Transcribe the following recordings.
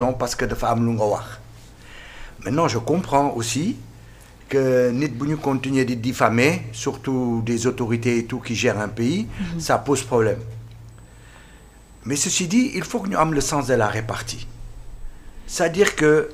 non parce que de femmes lu nga wax maintenant je comprends aussi que nous continue continuer de diffamer surtout des autorités et tout qui gèrent un pays mhm. ça pose problème mais ceci dit il faut que nous am le sens de la répartie c'est-à-dire que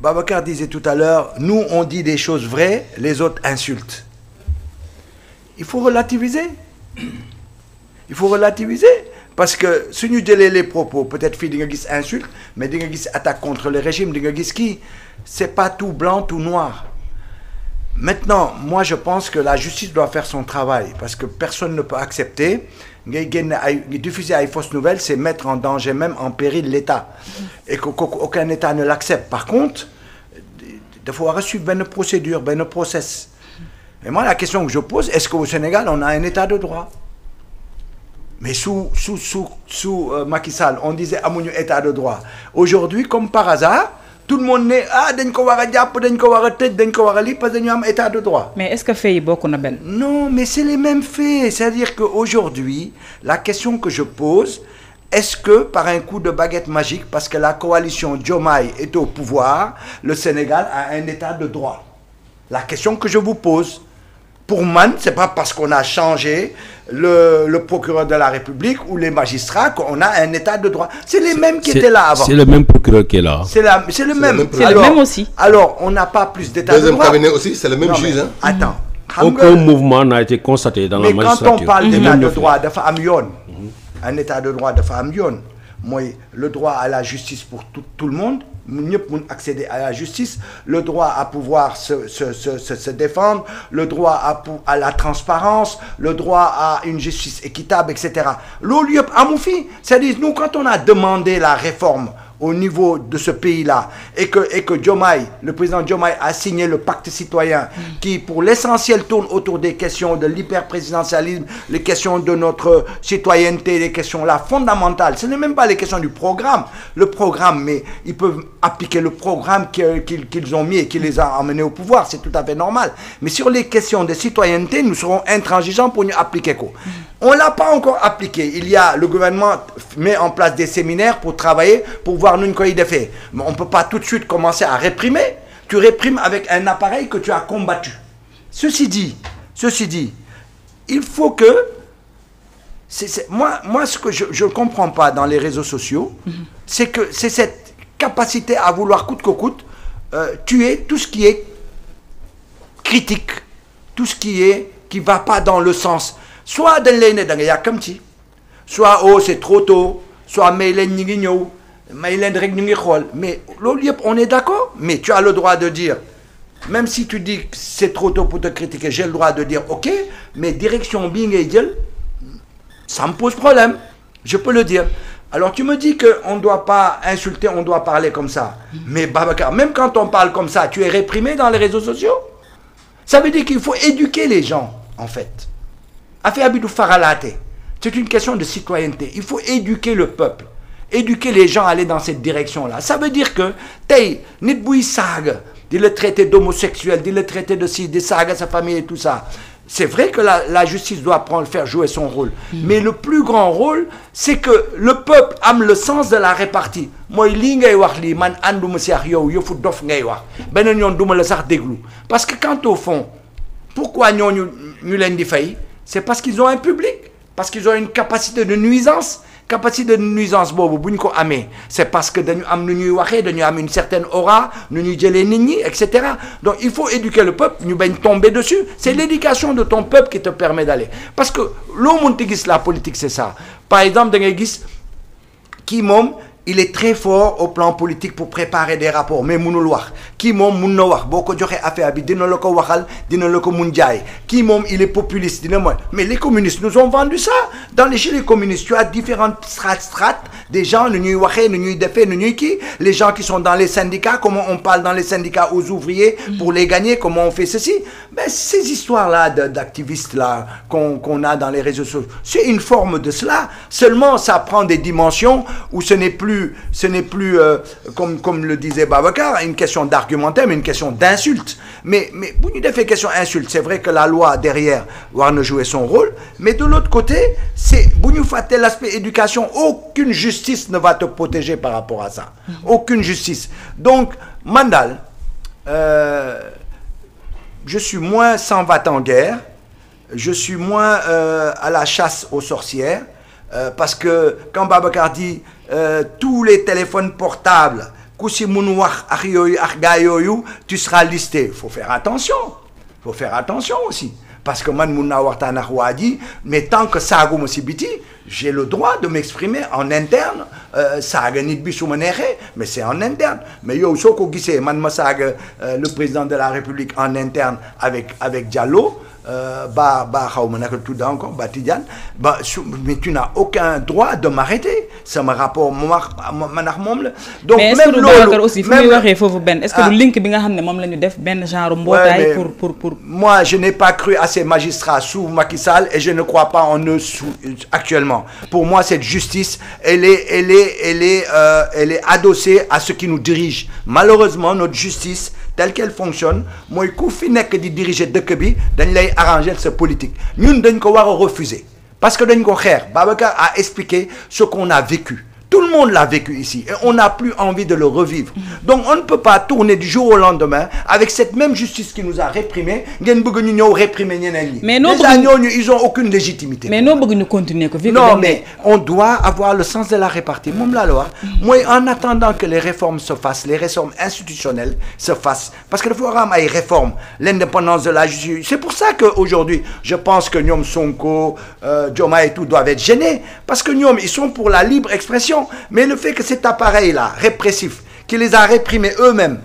Babacar disait tout à l'heure nous on dit des choses vraies les autres insultent il faut relativiser il faut relativiser parce que si nous délai les propos peut-être que di insulte mais di nga attaque contre le régime di nga c'est pas tout blanc tout noir maintenant moi je pense que la justice doit faire son travail parce que personne ne peut accepter diffuser ay fausses nouvelles c'est mettre en danger même en péril l'État et qu'aucun État ne l'accepte par contre il faut avoir une une procédure une process et moi la question que je pose est-ce qu'au Sénégal on a un État de droit mais sous, sous, sous, sous euh, Macky Sall, on disait Amouni état de droit. Aujourd'hui, comme par hasard, tout le monde ah ko a jàpp ko war a tëj état de droit. mais est-ce que fait yi qu'on a non mais c'est les mêmes faits c'est-à-dire que aujourd'hui la question que je pose est-ce que par un coup de baguette magique parce que la coalition Diomaye est au pouvoir le Sénégal a un état de droit la question que je vous pose pour Man, c'est pas parce qu'on a changé le, procureur de la République ou les magistrats qu'on a un état de droit. C'est les mêmes qui étaient là avant. C'est le même procureur qui est là. C'est le même. C'est le, même aussi. Alors, on n'a pas plus d'état de droit. Deuxième cabinet aussi, c'est le même juge. Hein. Attends. Aucun mouvement n'a été constaté dans la magistrature. quand on parle d'état de droit, de mhm. un état de droit de moi, le droit à la justice pour tout le monde, accéder à la justice le droit à pouvoir se se se se défendre le droit à à la transparence le droit à une justice équitable etc. cetera à yëpp c'est-à-dire nous quand on a demandé la réforme au niveau de ce pays-là et que, et que Jomai, le président Jomai a signé le pacte citoyen mm. qui, pour l'essentiel, tourne autour des questions de l'hyper-présidentialisme, les questions de notre citoyenneté, les questions là fondamentales. Ce n'est même pas les questions du programme. Le programme, mais ils peuvent appliquer le programme qu'ils ont mis et qui les a emmenés au pouvoir. C'est tout à fait normal. Mais sur les questions de citoyenneté, nous serons intransigeants pour nous appliquer quoi. On ne l'a pas encore appliqué. Il y a, le gouvernement met en place des séminaires pour travailler, pour voir par nous fait, mais on peut pas tout de suite commencer à réprimer tu réprimes avec un appareil que tu as combattu ceci dit ceci dit il faut que moi moi ce que je ne comprends pas dans les réseaux sociaux c'est que c'est cette capacité à vouloir coûte que coûte euh, tuer tout ce qui est critique tout ce qui est qui va pas dans le sens soit de' lay ne soit oh c'est trop tôt soit mais les mais on est d'accord mais tu as le droit de dire même si tu dis que c'est trop tôt pour te critiquer j'ai le droit de dire ok mais direction Bing et ça me pose problème je peux le dire alors tu me dis que on doit pas insulter on doit parler comme ça mais Babacar même quand on parle comme ça tu es réprimé dans les réseaux sociaux ça veut dire qu'il faut éduquer les gens en fait affaire fait Abidou c'est une question de citoyenneté il faut éduquer le peuple éduquer les gens à aller dans cette direction-là. Ça veut dire que, t'es, Nidboui dit le traité d'homosexuel, dit le traité de ci, traité sa famille et tout ça. C'est vrai que la, justice doit prendre, faire jouer son rôle. Mais le plus grand rôle, c'est que le peuple aime le sens de la répartie. Moi, man Parce que quant au fond, pourquoi nous, nous, nous c'est parce qu'ils ont un public, parce qu'ils ont une capacité de nuisance capacité de nuisance c'est parce que nous am une certaine aura nous nit ñi donc il faut éduquer le peuple nous bañ tomber dessus c'est l'éducation de ton peuple qui te permet d'aller parce que l'homme la politique c'est ça par exemple da ngay gis il est très fort au plan politique pour préparer des rapports mais il il est populiste mais les communistes nous ont vendu ça dans les chez les communistes tu as différentes strates des gens le ñuy ñuy les gens qui sont dans les syndicats comment on parle dans les syndicats aux ouvriers pour les gagner comment on fait ceci mais ben, ces histoires là d'activistes là qu'on qu'on a dans les réseaux sociaux c'est une forme de cela seulement ça prend des dimensions où ce n'est plus ce n'est plus euh, comme, le disait Babacar, une question d'argumentaire, mais une question d'insulte. Mais, mais vous nous fait question insulte. C'est vrai que la loi derrière ne jouer son rôle, mais de l'autre côté, c'est nous faites l'aspect éducation, aucune justice ne va te protéger par rapport à ça. Aucune justice. Donc, Mandal, euh, je suis moins sans va en guerre, je suis moins euh, à la chasse aux sorcières, euh, parce que quand Babacar dit euh, tous les téléphones portables, tu seras listé, Il faut faire attention. il faut faire attention aussi. Parce que moi, dit, mais tant que ça j'ai le droit de m'exprimer en interne. Euh, mais c'est en interne. Mais yo, le président de la République en interne avec, avec Diallo, euh, bah bah, bah, encore, bah, Tidiane, bah, mais tu n'as aucun droit de m'arrêter. C'est mon rapport, mon Donc, mais même l'autre aussi, même... est-ce que le ah. link, bien, ben, genre, ouais, pour, pour, pour... Moi, je n'ai pas cru à ces magistrats sous Macky Sall et je ne crois pas en eux sous, actuellement. Pour moi, cette justice, elle est, elle est, elle est, euh, elle est adossée à ce qui nous dirige. Malheureusement, notre justice, telle qu'elle fonctionne moi, suis fi di diriger de bi dañ arranger cette politique Nous, dañ refuser parce que nous ko faire. Babacar a expliqué ce qu'on a vécu tout le monde l'a vécu ici et on n'a plus envie de le revivre. Donc on ne peut pas tourner du jour au lendemain avec cette même justice qui nous a réprimés. ils ont aucune légitimité. mais nous nous continuer vivre. non mais on doit avoir le sens de la répartie Moi, la loi. en attendant que les réformes se fassent les réformes institutionnelles se fassent parce que le Forum a une l'indépendance de la justice c'est pour ça qu'aujourd'hui je pense que Nyom Sonko euh, Djoma et tout doivent être gênés parce que Nyom ils sont pour la libre expression. Mais le fait que cet appareil-là, répressif, qui les a réprimés eux-mêmes,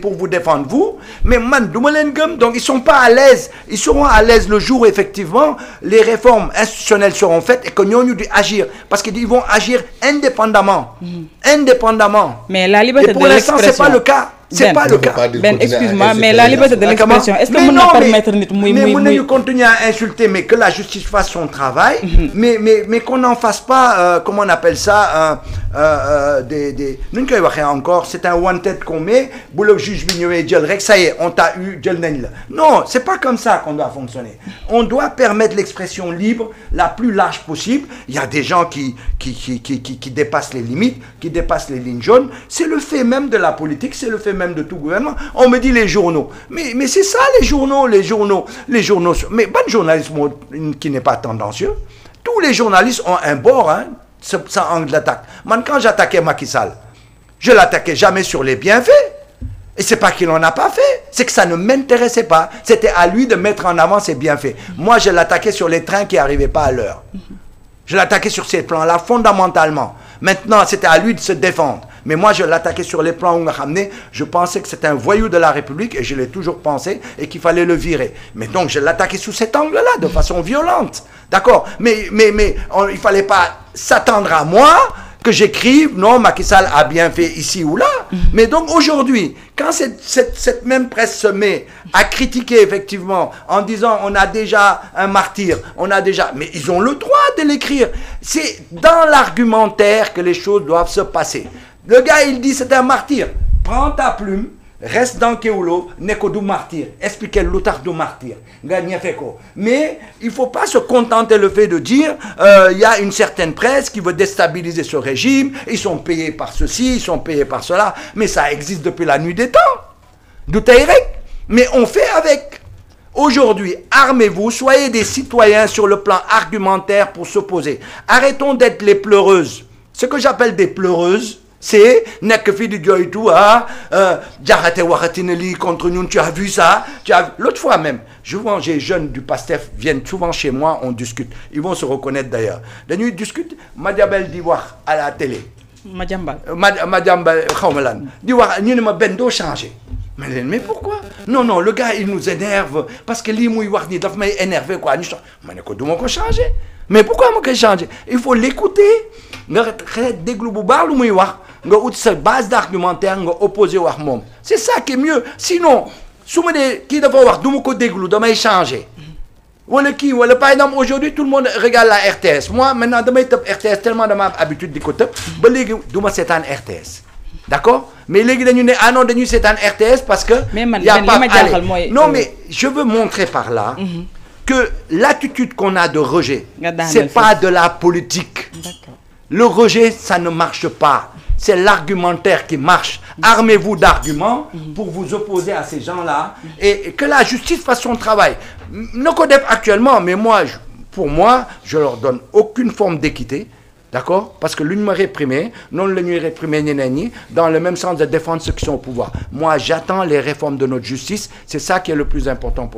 pour vous défendre vous mais man ne donc ils sont pas à l'aise ils seront à l'aise le jour effectivement les réformes institutionnelles seront faites et que nous dû agir parce qu'ils vont agir indépendamment mmh. indépendamment mais la liberté et pour n'est pas le cas c'est ben, pas le cas Ben excuse-moi mais la liberté de l'expression est-ce que mën na permettre de muy muy mais continuer à insulter mais que la justice fasse son travail mm-hmm. mais mais mais qu'on n'en fasse pas euh, comment on appelle ça euh, euh, des des nous ñu koy encore c'est un one tête qu'on met boulot juge ça y est on t'a eu non c'est pas comme ça qu'on doit fonctionner on doit permettre l'expression libre la plus large possible il y a des gens qui qui qui qui qui dépassent les limites qui dépassent les lignes jaunes c'est le fait même de la politique c'est le fait même de tout gouvernement. On me dit les journaux. Mais, mais c'est ça les journaux, les journaux, les journaux. Mais pas de journalisme qui n'est pas tendancieux. Tous les journalistes ont un bord, hein, ça angle d'attaque. Moi, quand j'attaquais Macky Sall, je l'attaquais jamais sur les bienfaits. Et c'est pas qu'il n'en a pas fait, c'est que ça ne m'intéressait pas. C'était à lui de mettre en avant ses bienfaits. Moi, je l'attaquais sur les trains qui n'arrivaient pas à l'heure. Je l'attaquais sur ces plans-là fondamentalement. Maintenant, c'était à lui de se défendre. Mais moi, je l'attaquais sur les plans où je pensais que c'était un voyou de la République, et je l'ai toujours pensé, et qu'il fallait le virer. Mais donc, je l'attaquais sous cet angle-là, de façon violente. D'accord Mais, mais, mais il fallait pas s'attendre à moi que j'écrive, non, Macky Sall a bien fait ici ou là. Mais donc aujourd'hui, quand cette, cette, même presse se met à critiquer effectivement en disant on a déjà un martyr, on a déjà... Mais ils ont le droit de l'écrire. C'est dans l'argumentaire que les choses doivent se passer. Le gars, il dit c'est un martyr. Prends ta plume, reste dans Keolo, n'est que du martyr. Expliquez l'outard du martyr. Mais il ne faut pas se contenter le fait de dire il euh, y a une certaine presse qui veut déstabiliser ce régime, ils sont payés par ceci, ils sont payés par cela. Mais ça existe depuis la nuit des temps, du Mais on fait avec. Aujourd'hui, armez-vous, soyez des citoyens sur le plan argumentaire pour s'opposer. Arrêtons d'être les pleureuses. Ce que j'appelle des pleureuses, c'est nek fi di tout ah jaxate waxati li contre nous tu as vu ça tu as l'autre fois même souvent j'ai jeunes du pasteur viennent souvent chez moi on discute ils vont se reconnaître d'ailleurs nuit discute Madiabelle di wax à la télé Madiambal euh, Madiambal xaw ni lan di ne ma bendo changé mais pourquoi non non le gars il nous énerve parce que li il wax ni daf may énervé quoi ñu ne ko du moko changé mais pourquoi moko koy changé il faut l'écouter nga xeet déglu bu nga ut sa base d'argumentaire nga opposé wax mom c'est ça qui est mieux sinon su ne ki dafa wax duma ma ko déglu damay changer wala ki wala par exemple aujourd'hui tout le monde regarde la RTS moi maintenant damay top RTS tellement dama m'a habitude di ko tëb ba légui duma sétane RTS d'accord mais légui dañu ne ah non dañu sétane RTS parce que il y a pas non euh, mais je veux montrer par là mhm. que l'attitude qu'on a de rejet c'est pas de la politique le rejet ça ne marche pas c'est l'argumentaire qui marche. Armez-vous d'arguments pour vous opposer à ces gens-là et que la justice fasse son travail. Nocodep actuellement, mais moi, pour moi, je leur donne aucune forme d'équité. D'accord Parce que l'une me réprimée, non l'une me réprimée, ni dans le même sens de défendre ceux qui sont au pouvoir. Moi, j'attends les réformes de notre justice. C'est ça qui est le plus important pour